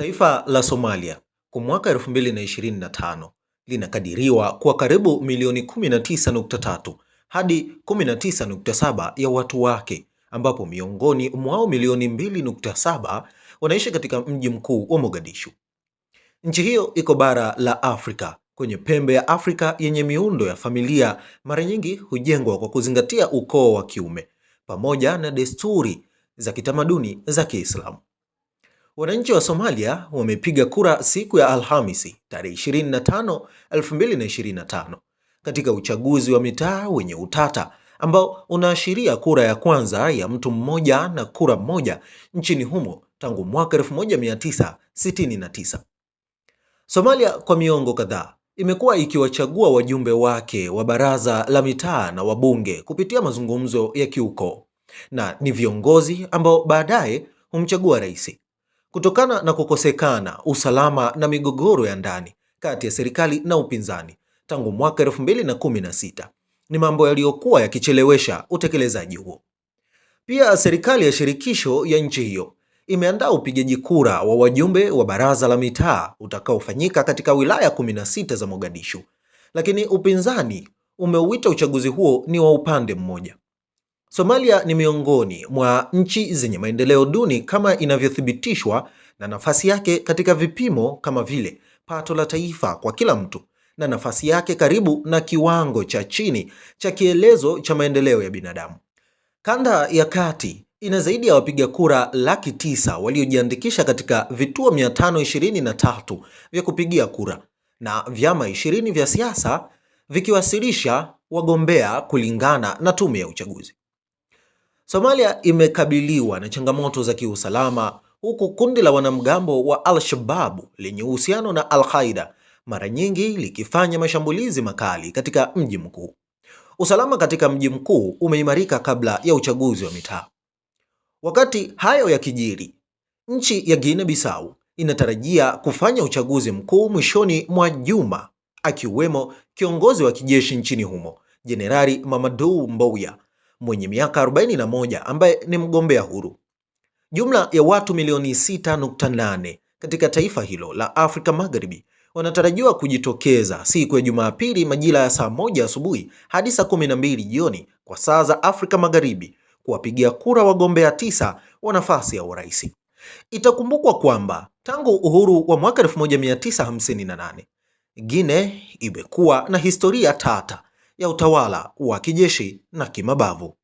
Taifa la Somalia kwa mwaka 2025 linakadiriwa kuwa karibu milioni 19.3 hadi 19.7 ya watu wake, ambapo miongoni mwao milioni 2.7 wanaishi katika mji mkuu wa Mogadishu. Nchi hiyo iko bara la Afrika kwenye pembe ya Afrika yenye miundo ya familia mara nyingi hujengwa kwa kuzingatia ukoo wa kiume pamoja na desturi za kitamaduni za Kiislamu. Wananchi wa Somalia wamepiga kura siku ya Alhamisi tarehe 25, 2025 katika uchaguzi wa mitaa wenye utata ambao unaashiria kura ya kwanza ya mtu mmoja na kura moja nchini humo tangu mwaka 1969. Somalia kwa miongo kadhaa imekuwa ikiwachagua wajumbe wake wa baraza la mitaa na wabunge kupitia mazungumzo ya kiukoo na ni viongozi ambao baadaye humchagua rais. Kutokana na kukosekana usalama na migogoro ya ndani kati ya serikali na upinzani tangu mwaka 2016 ni mambo yaliyokuwa yakichelewesha utekelezaji huo. Pia serikali ya shirikisho ya nchi hiyo imeandaa upigaji kura wa wajumbe wa baraza la mitaa utakaofanyika katika wilaya 16 za Mogadishu, lakini upinzani umeuita uchaguzi huo ni wa upande mmoja Somalia ni miongoni mwa nchi zenye maendeleo duni kama inavyothibitishwa na nafasi yake katika vipimo kama vile pato la taifa kwa kila mtu na nafasi yake karibu na kiwango cha chini cha kielezo cha maendeleo ya binadamu. Kanda ya Kati ina zaidi ya wapiga kura laki tisa waliojiandikisha katika vituo 523 vya kupigia kura na vyama 20 vya siasa vikiwasilisha wagombea kulingana na tume ya uchaguzi. Somalia imekabiliwa na changamoto za kiusalama huku kundi la wanamgambo wa al shababu lenye uhusiano na Al-Qaeda mara nyingi likifanya mashambulizi makali katika mji mkuu. Usalama katika mji mkuu umeimarika kabla ya uchaguzi wa mitaa. Wakati hayo yakijiri, nchi ya Guinea Bissau inatarajia kufanya uchaguzi mkuu mwishoni mwa juma, akiwemo kiongozi wa kijeshi nchini humo, Jenerali Mamadou Mbouya mwenye miaka 41 ambaye ni mgombea huru. Jumla ya watu milioni 6.8 katika taifa hilo la Afrika Magharibi wanatarajiwa kujitokeza siku ya Jumapili majira ya saa moja asubuhi hadi saa 12 jioni kwa saa za Afrika Magharibi kuwapigia kura wagombea tisa wa nafasi ya urais. Itakumbukwa kwamba tangu uhuru wa mwaka 1958 Guinea imekuwa na historia tata ya utawala wa kijeshi na kimabavu.